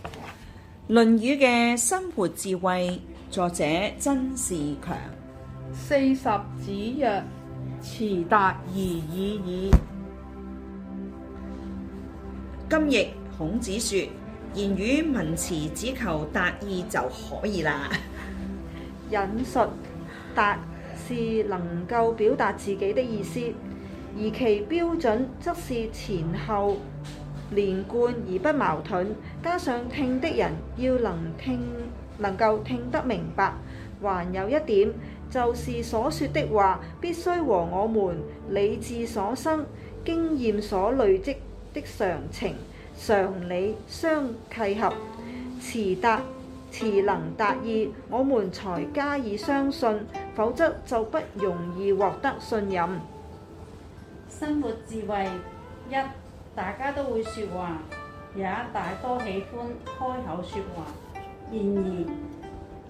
《論語》嘅生活智慧，作者曾仕強。四十子曰：辭達而已矣。今譯孔子說，言語文辭只求達意就可以啦。引述達是能夠表達自己的意思，而其標準則是前後。連貫而不矛盾，加上聽的人要能聽，能夠聽得明白。還有一點，就是所說的話必須和我們理智所生、經驗所累積的常情、常理相契合，詞達詞能達意，我們才加以相信，否則就不容易獲得信任。生活智慧一。大家都會說話，也大多喜歡開口說話。然而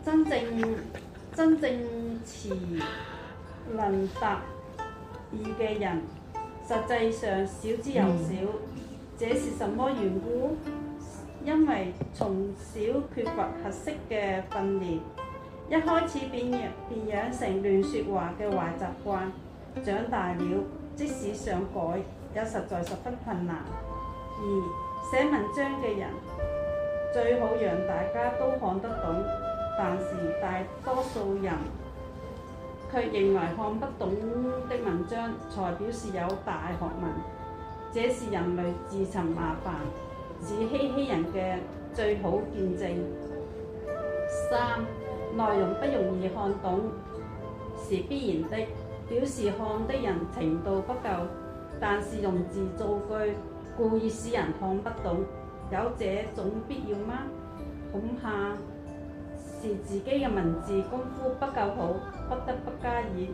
真，真正真正詞能達意嘅人，實際上少之又少。這是什麼緣故？因為從小缺乏合適嘅訓練，一開始便養便養成亂說話嘅壞習慣，長大了，即使想改，也實在十分困難。二、寫文章嘅人最好讓大家都看得懂，但是大多數人卻認為看不懂的文章才表示有大學問，這是人類自尋麻煩、自欺欺人嘅最好見證。三、內容不容易看懂是必然的，表示看的人程度不夠。但是用字造句，故意使人看不懂，有這種必要嗎？恐怕是自己嘅文字功夫不夠好，不得不加以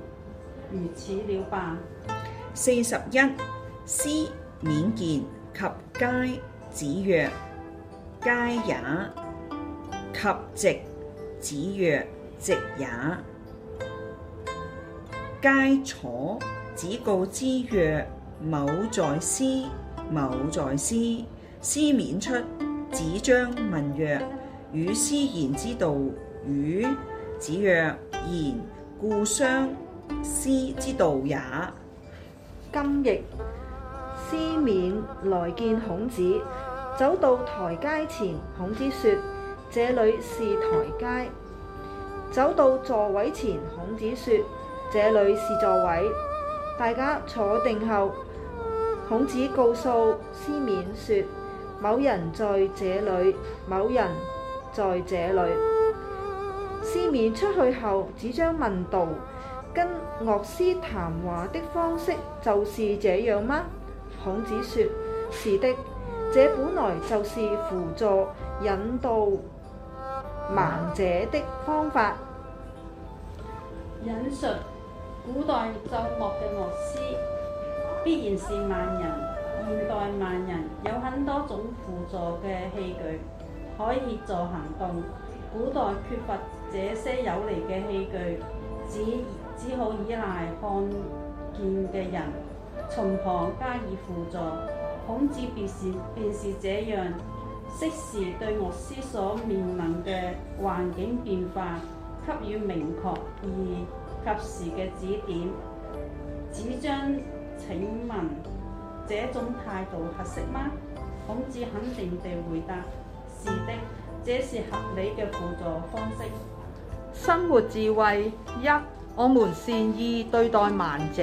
如此了吧。四十一，師冕見，及階，子曰：階也。及席，子曰：席也。皆坐，子告之曰。某在思，某在思，思勉出，子張問曰：與思言之道與？子曰：言故相思之道也。今亦。思勉來見孔子，走到台階前，孔子說：這裏是台階。走到座位前，孔子說：這裏是座位。大家坐定後。孔子告訴師冕說：某人在這裡，某人在這裡。師冕出去後，子張問道：跟樂師談話的方式就是這樣嗎？孔子說：是的，這本來就是輔助引導盲者的方法。引述古代奏樂嘅樂師。必然是盲人，現代盲人有很多種輔助嘅器具，可以協助行動。古代缺乏這些有利嘅器具，只只好依賴看見嘅人，從旁加以輔助。孔子便是便是這樣，適時對樂師所面臨嘅環境變化給予明確而及時嘅指點。只將。請問這種態度合適嗎？孔子肯定地回答：是的，這是合理嘅輔助方式。生活智慧一，我們善意對待盲者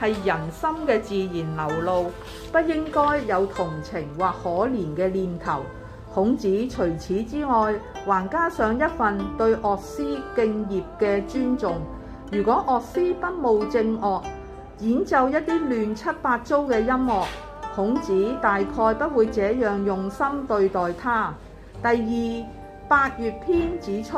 係人心嘅自然流露，不應該有同情或可憐嘅念頭。孔子除此之外，還加上一份對樂師敬業嘅尊重。如果樂師不務正業，演奏一啲亂七八糟嘅音樂，孔子大概不會這樣用心對待他。第二，八佾篇指出，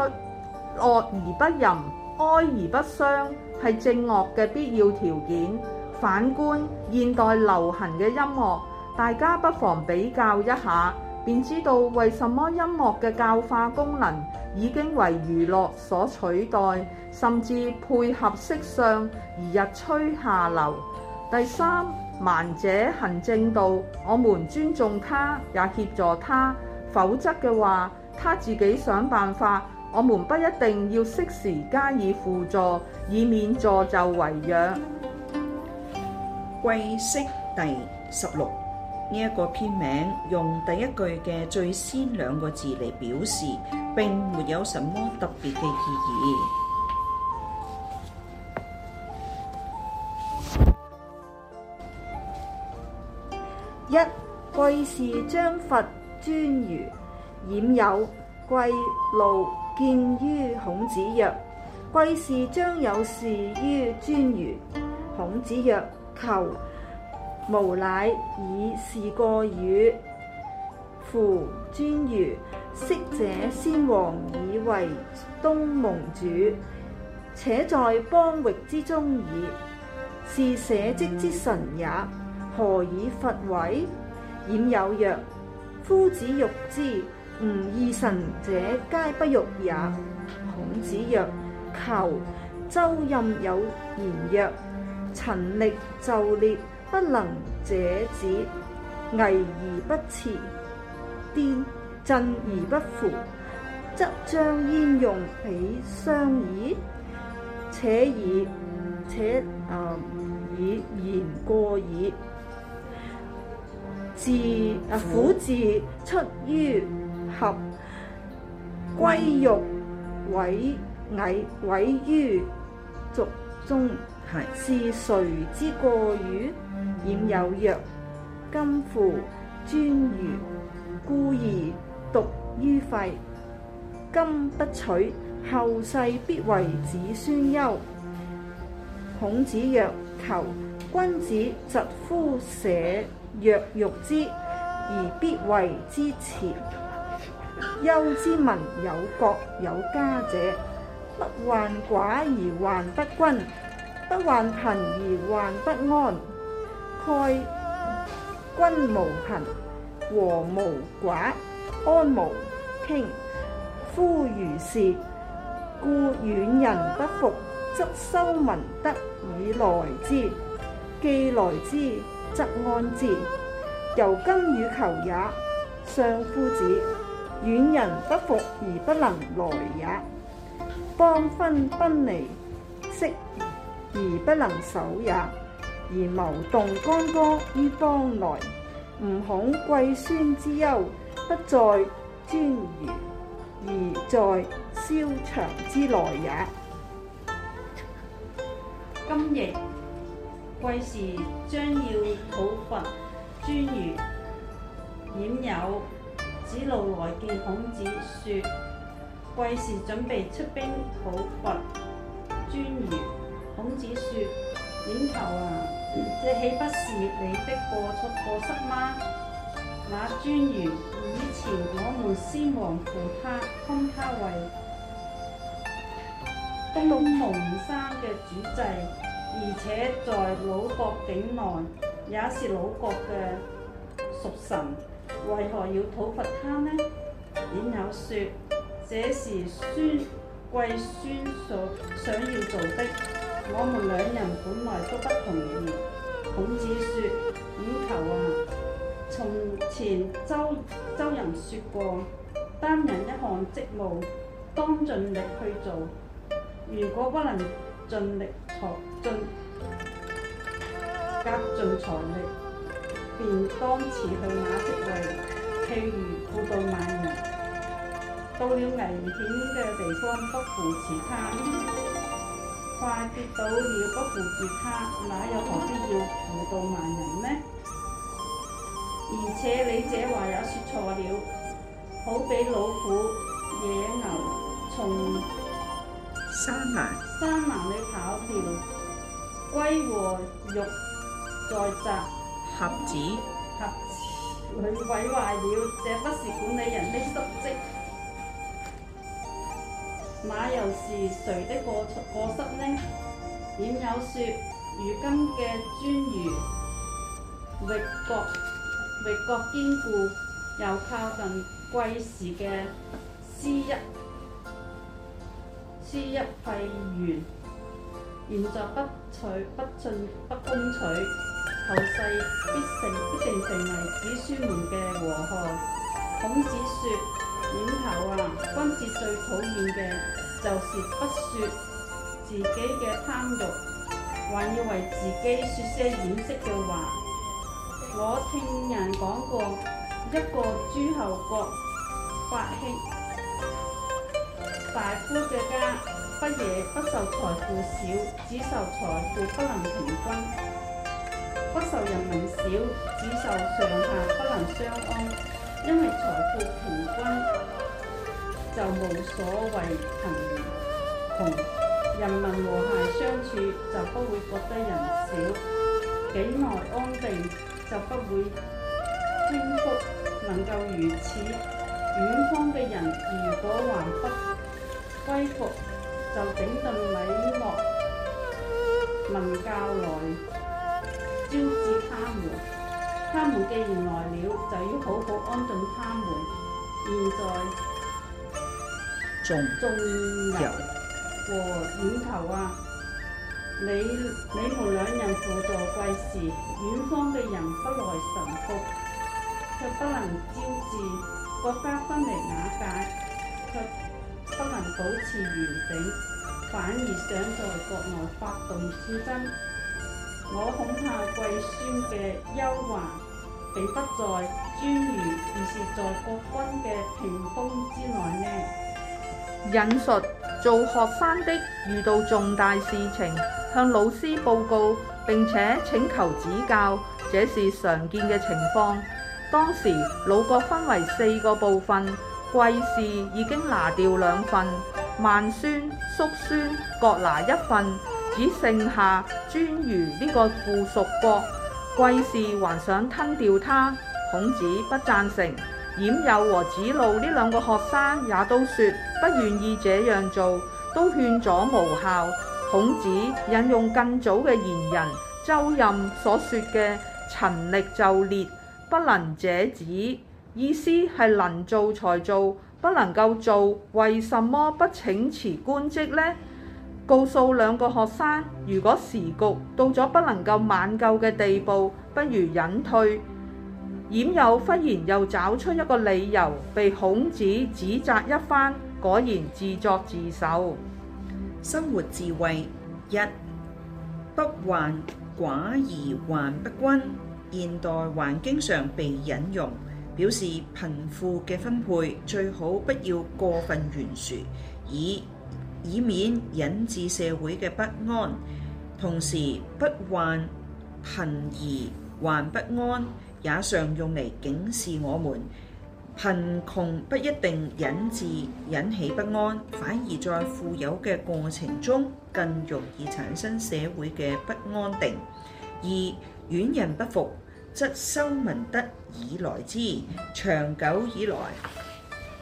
樂而不淫，哀而不傷，係正樂嘅必要條件。反觀現代流行嘅音樂，大家不妨比較一下，便知道為什麼音樂嘅教化功能，已經為娛樂所取代，甚至配合色相而日趨下流。第三，盲者行正道，我們尊重他，也協助他。否則嘅話，他自己想辦法，我們不一定要適時加以輔助，以免助紂為虐。季氏第十六。呢一個篇名用第一句嘅最先兩個字嚟表示，並沒有什麼特別嘅意義。一、季氏將伐顓臾，冉有、季路見於孔子曰：季氏將有事於顓臾。孔子曰：求。無乃爾是過與？夫顓臾，昔者先王以為東蒙主，且在邦域之中矣。是社稷之臣也，何以伐為？冉有曰：夫子欲之，吾二臣者皆不欲也。孔子曰：求，周任有言曰：陳力就列。不能者止，危而不持，顛振而不扶，則將焉用彼相矣？且以且啊言、呃、過矣。虎兕、啊、出於柙，龜玉毀矮毀於櫝中，是誰之過與？冉有曰，今夫顓臾，固而近於費，今不取，後世必為子孫憂。孔子曰：求！君子疾夫舍曰欲之而必為之辭。憂之民有國有家者，不患寡而患不均，不患貧而患不安。蓋君無貧，和無寡，安無傾。夫如是，故遠人不服，則修文德以來之；既來之，則安之。由今與求也，相夫子，遠人不服而不能來也；邦分崩離析而不能守也。而謀動干戈於邦內，吾恐季孫之憂不在顓臾，而在蕭牆之內也。今亦季氏將要討伐顓臾，冉有季路來見孔子，說季氏準備出兵討伐顓臾。孔子說：冉求啊！這豈不是你的過錯過失嗎？那顓臾以前我們先王封他封他為東魯蒙山嘅主祭，而且在魯國境內也是魯國嘅屬神，為何要討伐他呢？冉有說：這是孫貴孫所想要做的。我們兩人本來都不同意。孔子説：「五求」啊，從前周周人説過，擔任一項職務，當盡力去做。如果不能盡力才盡，竭盡才力，便當辭去那職位。譬如輔導盲人，到了危險嘅地方不，不扶持他。快跌倒了不扶住他，那又何必要扶到盲人呢？而且你這話也說錯了，好比老虎、野牛，從柵欄、柵欄蠻裏跑掉，龜和玉在摘盒子，盒子裏毀壞了，這不是管理人的失職。那又是誰的過錯過失呢？冉有說，如今嘅顓臾域國域國堅固，又靠近季氏嘅私邑，私邑費縣，現在不取不進不攻取，後世必成必定成為子孫們嘅禍害。孔子說。君子最討厭嘅就是不說自己嘅貪欲，還要為自己說些掩飾嘅話。我聽人講過，一個諸侯國發興，大夫嘅家不嘢不受財富少，只受財富不能平均；不受人民少，只受上下不能相安，因為財富平均。就無所謂貧窮，人民和諧相處，就不會覺得人少；境內安定，就不會傾覆。能夠如此，遠方嘅人如果還不歸服，就整頓禮樂文教來招致他們。他們既然來了，就要好好安頓他們。現在，仲有和遠求啊！你你們兩人輔助貴事，遠方嘅人不來神服，卻不能招致；國家分離瓦解，卻不能保持完整，反而想在國內發動戰爭。我恐怕貴孫嘅憂患並不在專儒，而是在國君嘅屏風之內呢。引述做學生的遇到重大事情，向老師報告並且請求指教，這是常見嘅情況。當時魯國分為四個部分，季氏已經拿掉兩份，孟孫、叔孫各拿一份，只剩下顓臾呢個附屬國，季氏還想吞掉他，孔子不贊成。冉有和季路呢兩個學生也都說不願意這樣做，都勸阻無效。孔子引用更早嘅賢人周任所說嘅“陳力就列，不能者止”，意思係能做才做，不能夠做，為什麼不請辭官職呢？告訴兩個學生，如果時局到咗不能夠挽救嘅地步，不如隱退。冉有忽然又找出一個理由，被孔子指責一番，果然自作自受。生活智慧一，不患寡而患不均，現代還經常被引用，表示貧富嘅分配最好不要過分懸殊，以以免引致社會嘅不安。同時不患貧而患不安。也常用嚟警示我們，貧窮不一定引致引起不安，反而在富有嘅過程中，更容易產生社會嘅不安定。二，遠人不服，則修文德以來之，長久以來，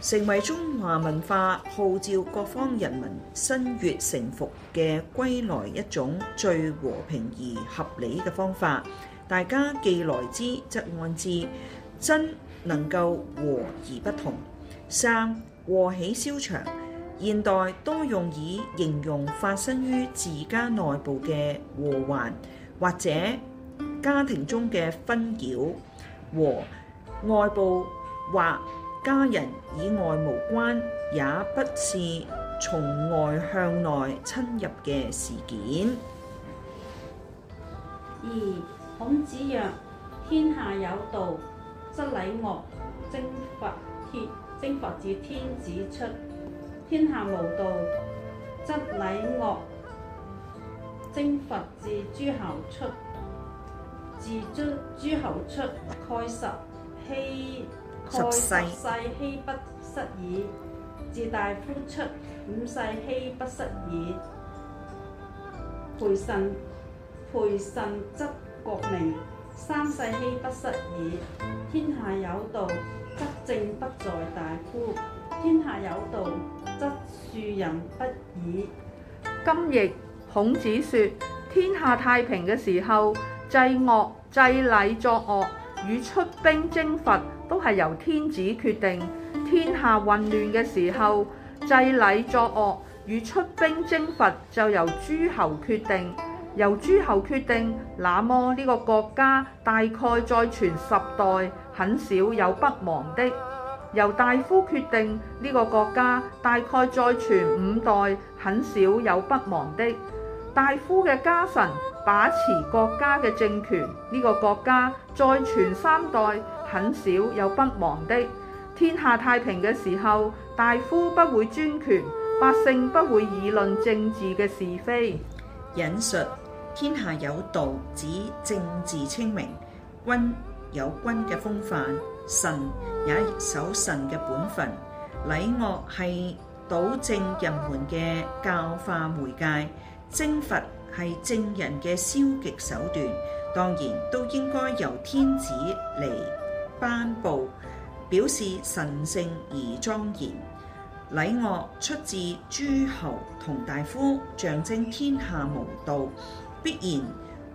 成為中華文化號召各方人民心悅誠服嘅歸來一種最和平而合理嘅方法。大家既來之則安之，真能夠和而不同。三，禍起蕭牆，現代多用以形容發生於自家內部嘅禍患，或者家庭中嘅紛擾和外部或家人以外無關，也不是從外向內侵入嘅事件。二孔子曰：天下有道，則禮樂徵伐，天徵伐，自天子出；天下無道，則禮樂徵伐，自諸侯出。自諸諸侯出，蓋十希，蓋十世希不失矣。自大夫出，五世希不失矣。陪臣陪臣則國命：「三世希不失矣。天下有道，則政不在大夫；天下有道，則庶人不議。今日孔子說：天下太平嘅時候，制惡、制禮作惡與出兵征伐都係由天子決定；天下混亂嘅時候，制禮作惡與出兵征伐就由諸侯決定。由諸侯決定，那麼呢個國家大概再傳十代，很少有不亡的；由大夫決定，呢、這個國家大概再傳五代，很少有不亡的。大夫嘅家臣把持國家嘅政權，呢、這個國家再傳三代，很少有不亡的。天下太平嘅時候，大夫不會專權，百姓不會議論政治嘅是非。引述。天下有道，指政治清明，君有君嘅風範，臣也守臣嘅本分。禮樂係導正人們嘅教化媒介，征伐係正人嘅消極手段。當然都應該由天子嚟頒布，表示神聖而莊嚴。禮樂出自諸侯同大夫，象徵天下無道。必然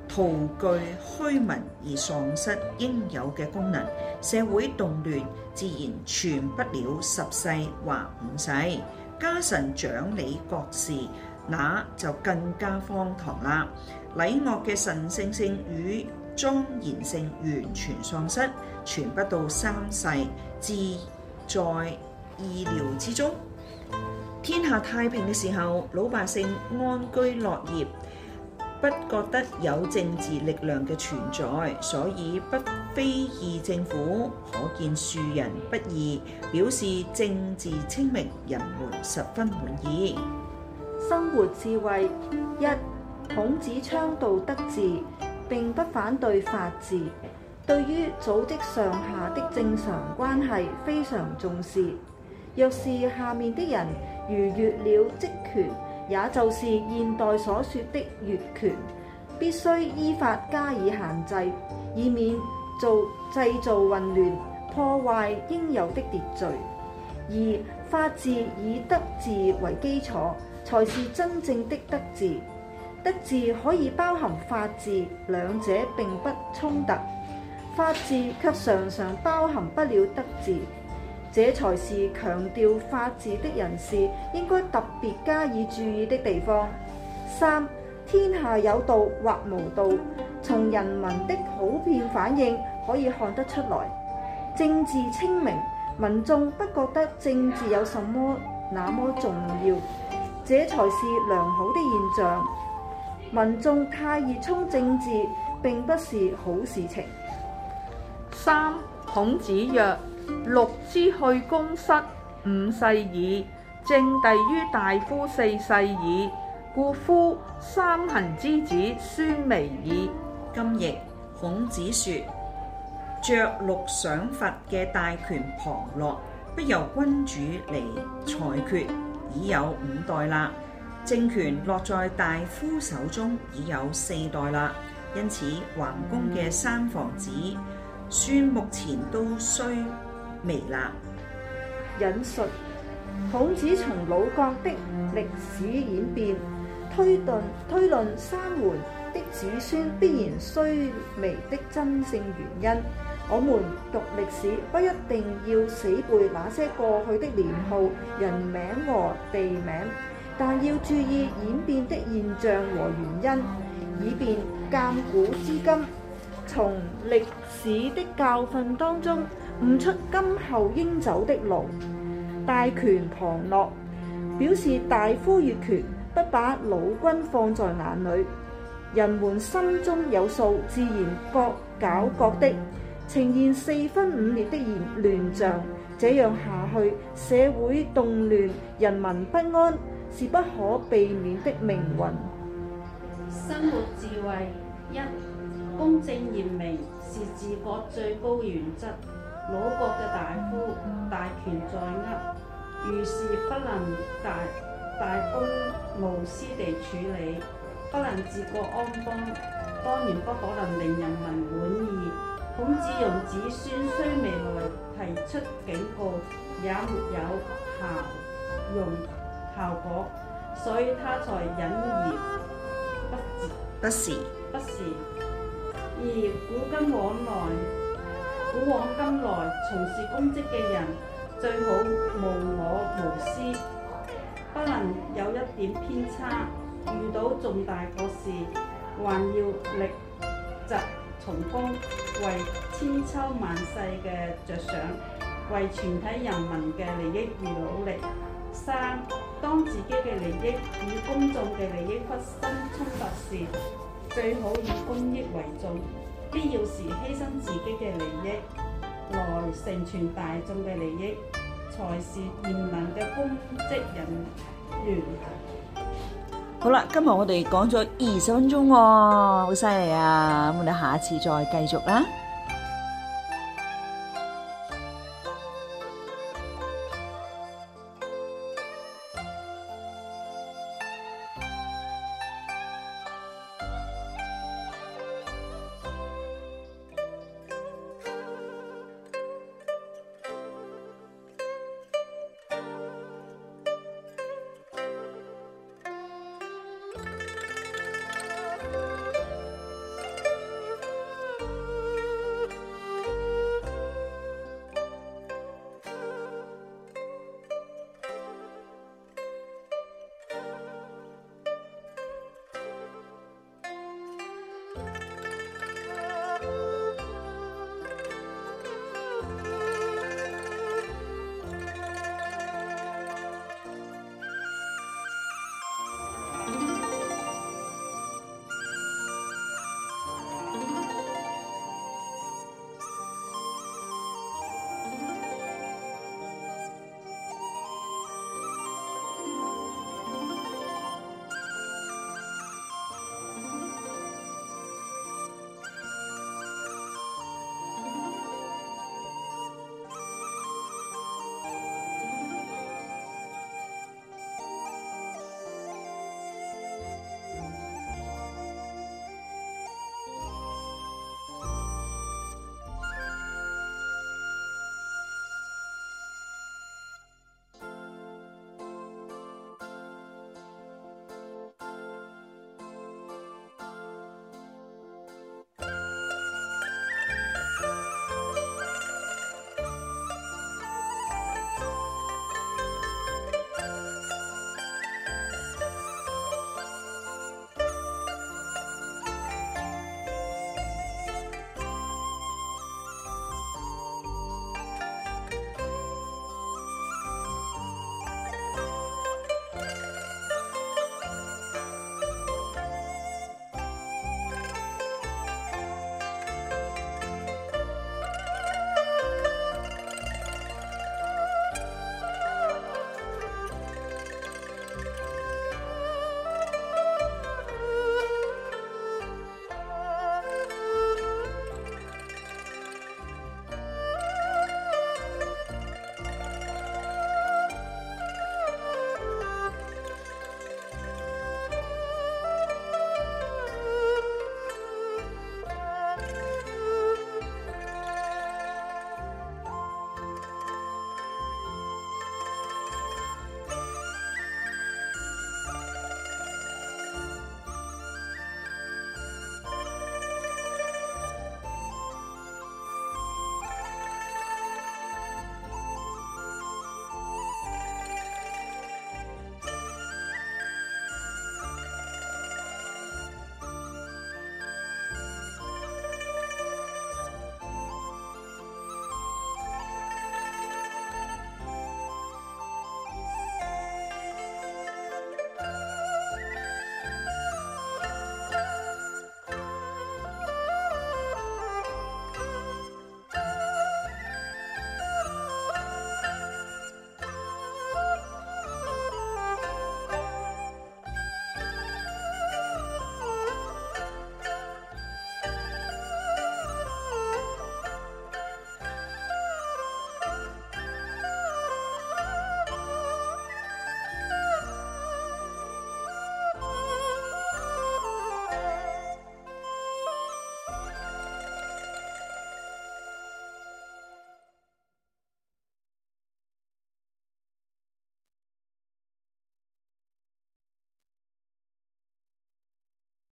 徒具虛文而喪失應有嘅功能，社會動亂自然傳不了十世或五世。家臣掌理國事，那就更加荒唐啦！禮樂嘅神聖性與莊嚴性完全喪失，傳不到三世，自在意料之中。天下太平嘅時候，老百姓安居樂業。不覺得有政治力量嘅存在，所以不非議政府，可見庶人不議，表示政治清明，人們十分滿意。生活智慧一，孔子倡導德治，並不反對法治，對於組織上下的正常關係非常重視。若是下面的人逾越了職權，也就是現代所說的越權，必須依法加以限制，以免做製造混亂、破壞應有的秩序。而法治以德治為基礎，才是真正的德治。德治可以包含法治，兩者並不衝突。法治卻常常包含不了德治。這才是強調法治的人士應該特別加以注意的地方。三、天下有道或無道，從人民的普遍反應可以看得出來。政治清明，民眾不覺得政治有什麼那麼重要，這才是良好的現象。民眾太熱衷政治，並不是好事情。三、孔子曰。六之去公室五世矣，正帝於大夫四世矣，故夫三桓之子孫微矣。今亦孔子說，着六賞罰嘅大權旁落，不由君主嚟裁決，已有五代啦。政權落在大夫手中已有四代啦，因此桓公嘅三房子孫目前都衰。微納，引述孔子從魯國的歷史演變推論推論三桓的子孫必然衰微的真正原因。我們讀歷史不一定要死背那些過去的年號、人名和地名，但要注意演變的現象和原因，以便鑒古知今。從歷史的教訓當中，悟出今後應走的路，大權旁落，表示大夫越權，不把老君放在眼裏。人們心中有數，自然各搞各的，呈現四分五裂的亂亂象。這樣下去，社會動亂，人民不安，是不可避免的命運。生活智慧一，公正嚴明是治國最高原則。魯國嘅大夫、mm hmm. 大權在握，如是不能大大公無私地處理，不能治國安邦，當然不可能令人民滿意。孔子用子孫衰微來提出警告，也沒有效用效果，所以他才隱而不不時，不時。而古今往來。古往今來，從事公職嘅人最好無我無私，不能有一點偏差。遇到重大國事，還要力疾從公，為千秋萬世嘅着想，為全體人民嘅利益而努力。三，當自己嘅利益與公眾嘅利益發生衝突時，最好以公益為重。必要時犧牲自己嘅利益，來成全大眾嘅利益，才是賢能嘅公職人員。好啦，今日我哋講咗二十分鐘喎，哦，好犀利啊！咁我哋下一次再繼續啦。